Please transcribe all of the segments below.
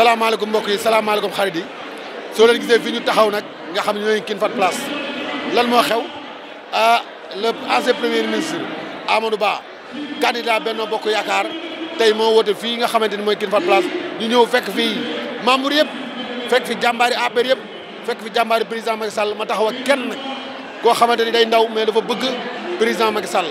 salaamaaleykum mbokk yi salaamaaleykum xarit yi soo leen gisee fii ñu taxaw nag nga xam ne ñooy kin fat place lan moo xew ah le ancien premier ministre Amadou Ba benn Benno Bokk Yaakaar tey moo woote fii nga xamante ni mooy kin fat place ñu ñëw fekk fi membre yëpp fekk fi jàmbaari APR yëpp fekk fi jàmbaari président Macky Sall ma taxaw ak kenn koo xamante ni day ndaw mais dafa bëgg président Macky Sall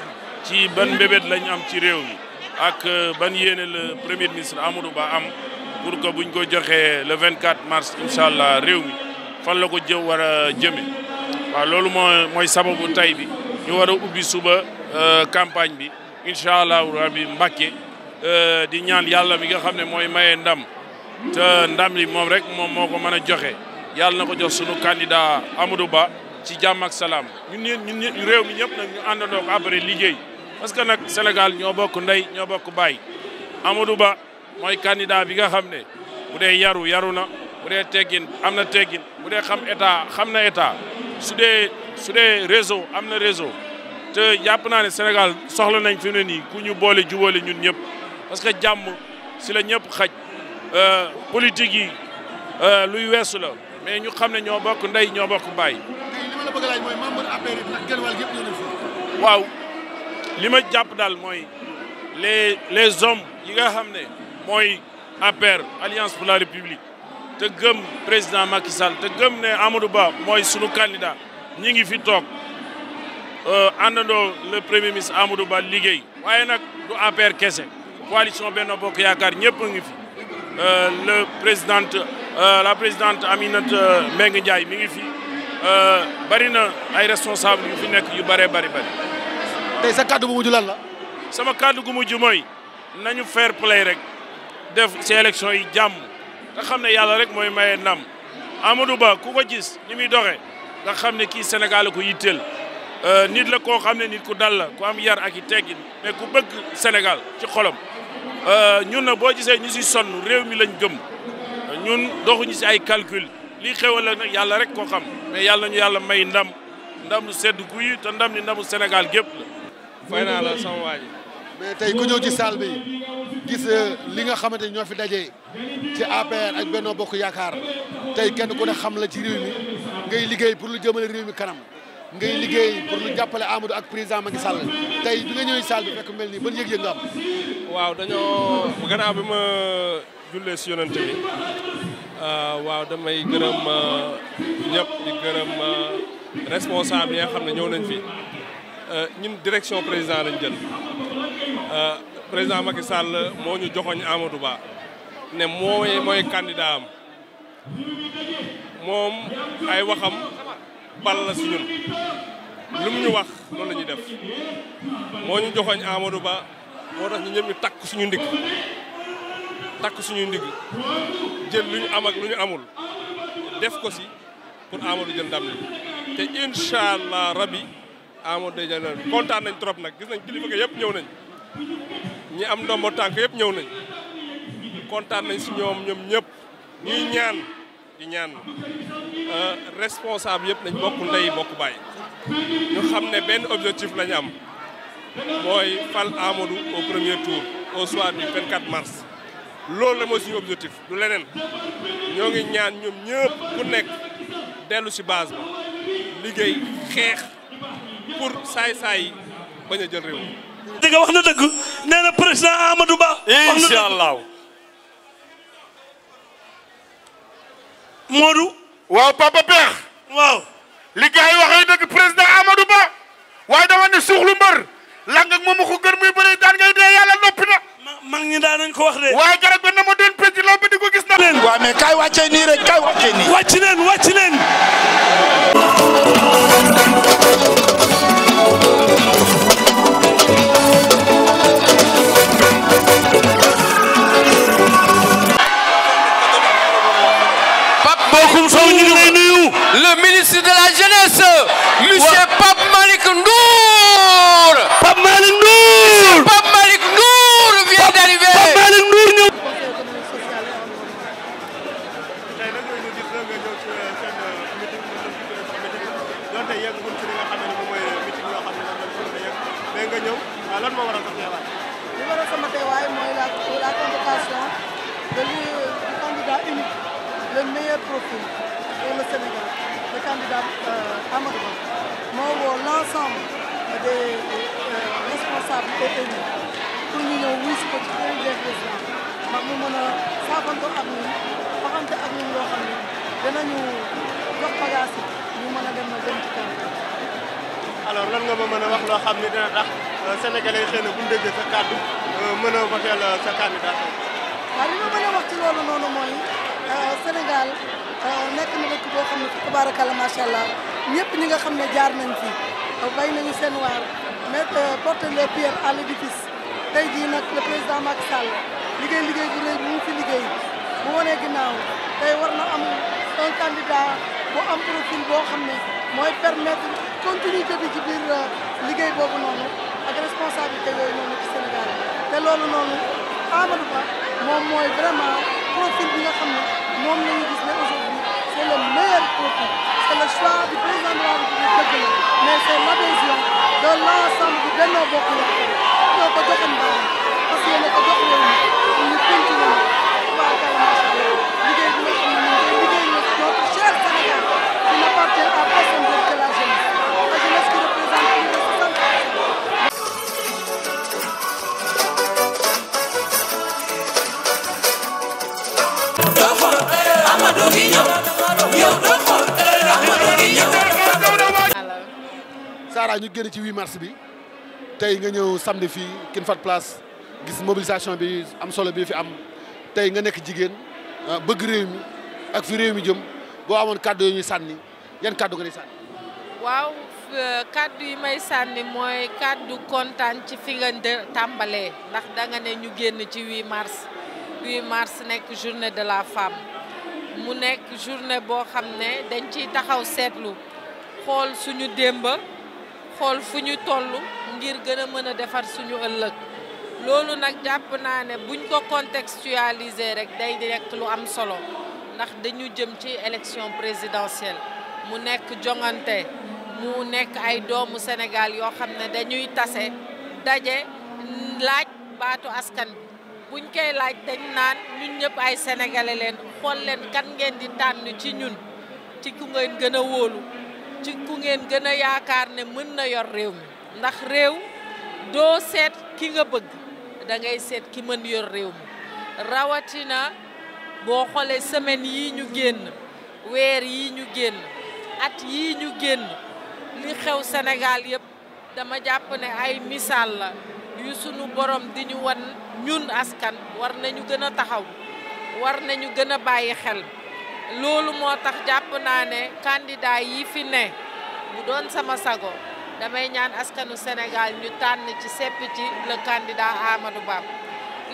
ci ban mbébét lañu am ci réew mi ak euh, ban yéene la premier ministre Amadou Ba am pour que buñ ko joxee le 24 mars incha allah réew mi fan la ko jëw war a jëme waaw loolu moo mooy sababu tey bi ñu war a ubbi suba euh, campagne bi incha allah rabi euh, di ñaan yàlla mi nga xam ne mooy maye ndam te ndam li moom rek moom moo ko mën a joxe yàlla na ko jox sunu candidat Amadou Ba ci jàmm ak salaam ñun ñun réew mi ñëpp nag ñu àndandoo ko après liggéey. parce que nag Sénégal ñoo bokk ndey ñoo bokk baay Amadou Ba mooy candidat bi nga xam ne bu dee yaru yaru na bu dee teggin am na teggin bu dee xam état xam na état su dee su dee réseau am na réseau te jàpp naa ne Sénégal soxla nañ fi ne nii ku ñu boole jubóole ñun ñëpp parce que jàmm si la ñëpp xaj euh, politique yi euh, luy weesu la mais ñu xam ne ñoo bokk ndey ñoo bokk bay tey li ma jàpp daal mooy les les hommes yi nga xam ne mooy APR alliance pour la république te gëm président Macky Sall te gëm ne Amadou Ba mooy sunu candidat ñi ngi fi toog euh, àndandoo le premier ministre Amadou Ba liggéey. waaye nag du APR kese coalition Benno Bokk Yaakaar ñëpp a ngi fi euh, le présidente euh, la présidente Aminata Mbengue Ndiaye mi ngi fi bari na ay responsable yu fi nekk yu bëree bari bari. tey sa kàddu gu mujj la. sama kàddu gu mujj mooy nañu fair play rek def ci élection yi jàmm nga xam ne yàlla rek mooy maye ndam Amadou Ba ku ko gis ni muy doxee nga xam ne kii Sénégal la ko euh, nit la koo xam ne nit ku dal la ku am yar ak i teggin mais ku bëgg Sénégal ci xolam euh, ñun na boo gisee ñu si son réew mi lañ gëm ñun doxuñu si ay calcul lii xewal la yàlla rek koo xam mais yàlla ñu yàlla may ndam ndam lu sedd guy te ndam ni ndamu Sénégal gépp fay naa la sama waa ji mais tey ku ñëw ci salle bi gis euh, li nga xamante ni ñoo fi daje ci APR ak Benno Bokk Yaakaar tey kenn ku ne xam la ci réew mi ngay liggéey pour lu jëmale réew mi kanam ngay liggéey pour lu jàppale Amadou ak président Macky Sall tey bi nga ñëwee salle bi fekk mel nii ban yëg-yëg nga waaw dañoo ganaa bi ma jullee si yonent bi euh, waaw damay gërëm euh, ñëpp di gërëm responsable yi nga xam ne ñëw nañ fi. Euh, ñun direction président lañ jël euh, président Macky Sall moo ñu joxoñ Amadou Ba ne mooy mooy candidat am moom ay waxam bal la si ñun lu mu ñu wax loolu la ñuy def moo ñu joxoñ Amadou Ba moo tax ñu ñëpp ñu takk suñu ndigg takk suñu ndigg jël lu ñu am ak lu ñu amul def ko si pour Amadou jël ndam li te incha allah Amadou Dia Diallo kontaan nañ trop nag gis nañ kilifa ga yëpp ñëw nañ ñi am ndombo yëpp ñëw nañ kontaan nañ si ñoom ñëpp ñuy ñaan ñaan euh, responsable yëpp nañ bokk ndey bokk bàyyi xam ne benn objectif lañu am mooy fal Amadou au premier tour au soir du loolu la mooy suñu leneen ñoo ñaan ñoom ñëpp nekk dellu si base ba liggéey xeex pour saay-saay yi a wax na dëgg nee na président Amadou Ba. incha allah Modou. waaw Papa Peex. waaw. li gars yi waxee dëgg président Amadou Ba waaye dama ne suuxlu mbër lang ak moom ko gën muy bëree daan ngay dee yàlla noppi na. ma mag ko wax de. waaye garab ba na ma doon pénc law di ko gis na. leen waaw mais kaay nii rek kaay wàccee nii. wàcc leen wàcc leen. Bokum Sow ñu ngi lay nuyu. le ministre de la jeunesse. monsieur Pape Malick Ndour. Pape Malick Ndour. Pape Malick Ndour vient d'arriver. Pape Malick Ndour ñëw. li waral sama teewaay mooy la la convocation de candidat unique. le meilleur profil pour le Sénégal, le candidat euh, Amadou moo l'ensemble des euh, responsables et élus pour ñu ñëw wuyu si ko ci kër des présidents mu mën a saafante ak ñun waxante ak ñun loo xam ne danañu jox bagage yi ñu mën a dem na dem ci kanam. alors lan nga ma mën a wax loo xam ne dina tax euh, sénégalais xëy bu ñu sa kàddu euh, mën a voter euh, sa candidat. waaw li ma mën wax ci loolu noonu mooy. Euh, Sénégal euh, nekk na dëkk boo xam ne fi tabaarakalla macha allah ñëpp ñi nga xam ne jaar nañ fi bay nañu seen waar mettre euh, porter les pierres di l'édifice tey jii nag le président Macky Sall liggéey liggéey bi léegi mu fi liggéey bu wanee ginnaaw tey war na am un candidat bu am profil boo xam ne mooy permettre continuité bi ci biir liggéey boobu noonu ak responsabilité yooyu noonu ci Sénégal te loolu noonu Amadou Ba moom mooy vraiment. profil bi nga xam ne moom la ñu gis ne aujourd'hui c' est le meilleur profil c' est le choix du président de la République dëgg la mais c' est l' adhésion de l' ensemble du Benno Bokk Yaakaar ñoo ko joxoon baaraam parce que yéen a ko jox réew mi ñu continuer waa kay macha allah liggéey bi nga xam ne ñu ngi koy liggéey notre cher Sénégal qui n'appartient allah ñu génn ci 8 mars bi tey nga ñëw samedi fii kin place gis mobilisation bi am solo bi fi am tey nga nekk jigéen ah, bëgg réew mi ak fi réew mi jëm boo amoon kàddu yi ñuy sànni yan kàddu nga di sànni. waaw euh, kàddu yi may sànni mooy kàddu kontaan ci fi nga tàmbalee ndax danga ne ñu génn ci 8 mars 8 mars nekk journée de la femme mu nekk journée boo xam ne dañ ciy taxaw seetlu xool suñu démba xool fu ñu toll ngir gën a mën a defar suñu ëllëg loolu nag jàpp naa ne buñ ko contextualiser rek day direct lu am solo ndax dañu jëm ci élection présidentielle mu nekk jongante mu nekk ay doomu Sénégal yoo xam ne dañuy tase daje laaj baatu askan bi buñ koy laaj dañ naan ñun ñëpp ay sénégalais leen xool leen kan ngeen di tànn ci ñun ci ku ngeen gën a wóolu ci ku ngeen gën a yaakaar ne mën na yor réew mi ndax réew doo seet ki nga bëgg da seet ki mën yor réew mi rawatina boo xoolee semaine yi ñu génn weer yi ñu génn at yi ñu génn li xew Sénégal yëpp dama jàpp ne ay misaal la yu sunu borom di ñu wan ñun askan war nañu gën a taxaw war nañu gën a bàyyi xel loolu moo tax jàpp naa ne kandidaa yi fi ne bu doon sama sago damay ñaan askanu senegaal ñu tànn ci sepp ci le candidat Amadou Ba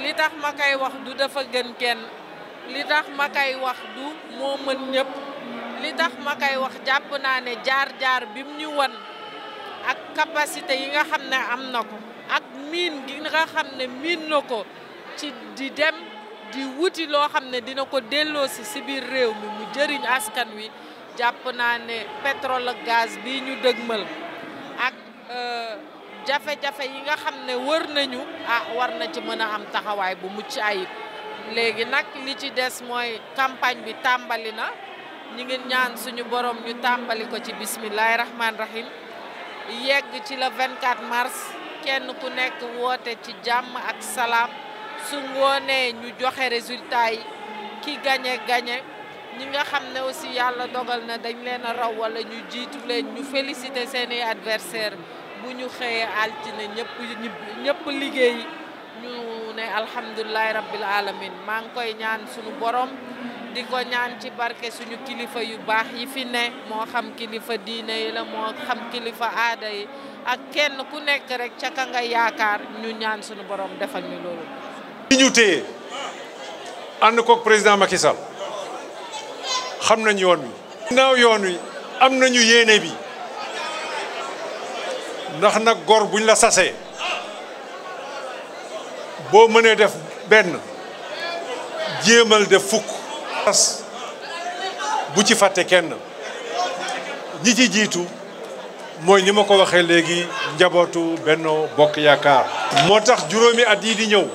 li tax ma koy wax du dafa gën kenn li tax ma koy wax du moo mën ñëpp li tax ma koy wax jàpp naa ne jaar-jaar bim ñu wan ak capacité yi nga xam ne am na ko ak miin gi nga xam ne miin na ko ci di dem di wuti loo xam ne dina ko delloosi si biir réew mi mu jëriñ askan wi jàpp naa ne pétrole gaz bi ñu dëgmal ak euh, jafe-jafe yi nga xam ne wër nañu ah war na ci mën a am taxawaay bu mucc ayib léegi nag li ci des mooy campagne bi tàmbali na ñi ngi ñaan suñu borom ñu tàmbali ko ci bismillahi rahmaani rahim yegg ci le 24 mars kenn ku nekk woote ci jàmm ak salaam su ngoonee ñu joxe résultat yi ki gañe gañe ñi nga xam ne aussi yàlla dogal na dañ leen a raw wala ñu jiitu leen ñu félicité seeni adversaire bu ñu xëyee altine ñëpp ñëpp liggéey ñu ne alhamdulilahi rabbil alamin maa ngi koy ñaan suñu borom di ko ñaan ci barke suñu kilifa yu baax yi fi ne moo xam kilifa diine yi la moo xam kilifa aada yi ak kenn ku nekk rek ca ka nga yaakaar ñu ñaan suñu borom defal ñu loolu bi ñu téye ànd ko président Macky Sall xam nañ yoon mi ginnaaw yoon wi am nañu yéene bi ndax nag gor buñ la sasee boo mënee def benn jéemal def fukk. as bu ci fàtte kenn ñi ci jiitu mooy ni ma ko waxee léegi njabootu benn Bokk Yaakaar. moo tax juróomi at yii di ñëw.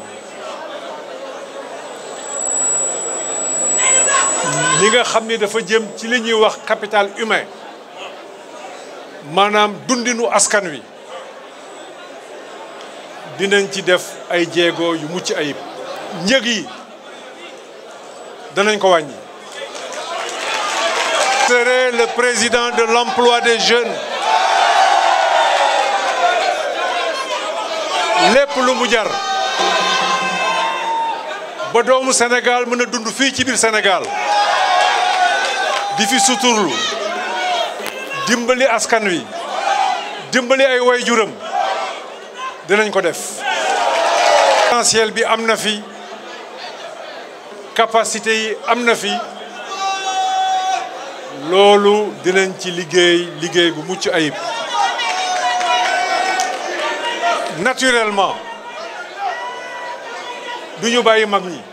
li nga xam ni dafa jëm ci li ñuy wax capital humain maanaam dundinu askan wi dinañ ci def ay jéego yu mucc ayib. njëg yi danañ ko wàññi. serai le président de l'emploi des jeunes lépp lu mu jar ba doomu Sénégal mën a dund fii ci biir Sénégal. di fi suturlu dimbali askan wi dimbali ay waajuram dinañ ko def potentiel bi am na fi capacité yi am na fi loolu dinañ ci liggéey liggéey bu mucc ayib naturellement duñu ñu bàyyi mag ñi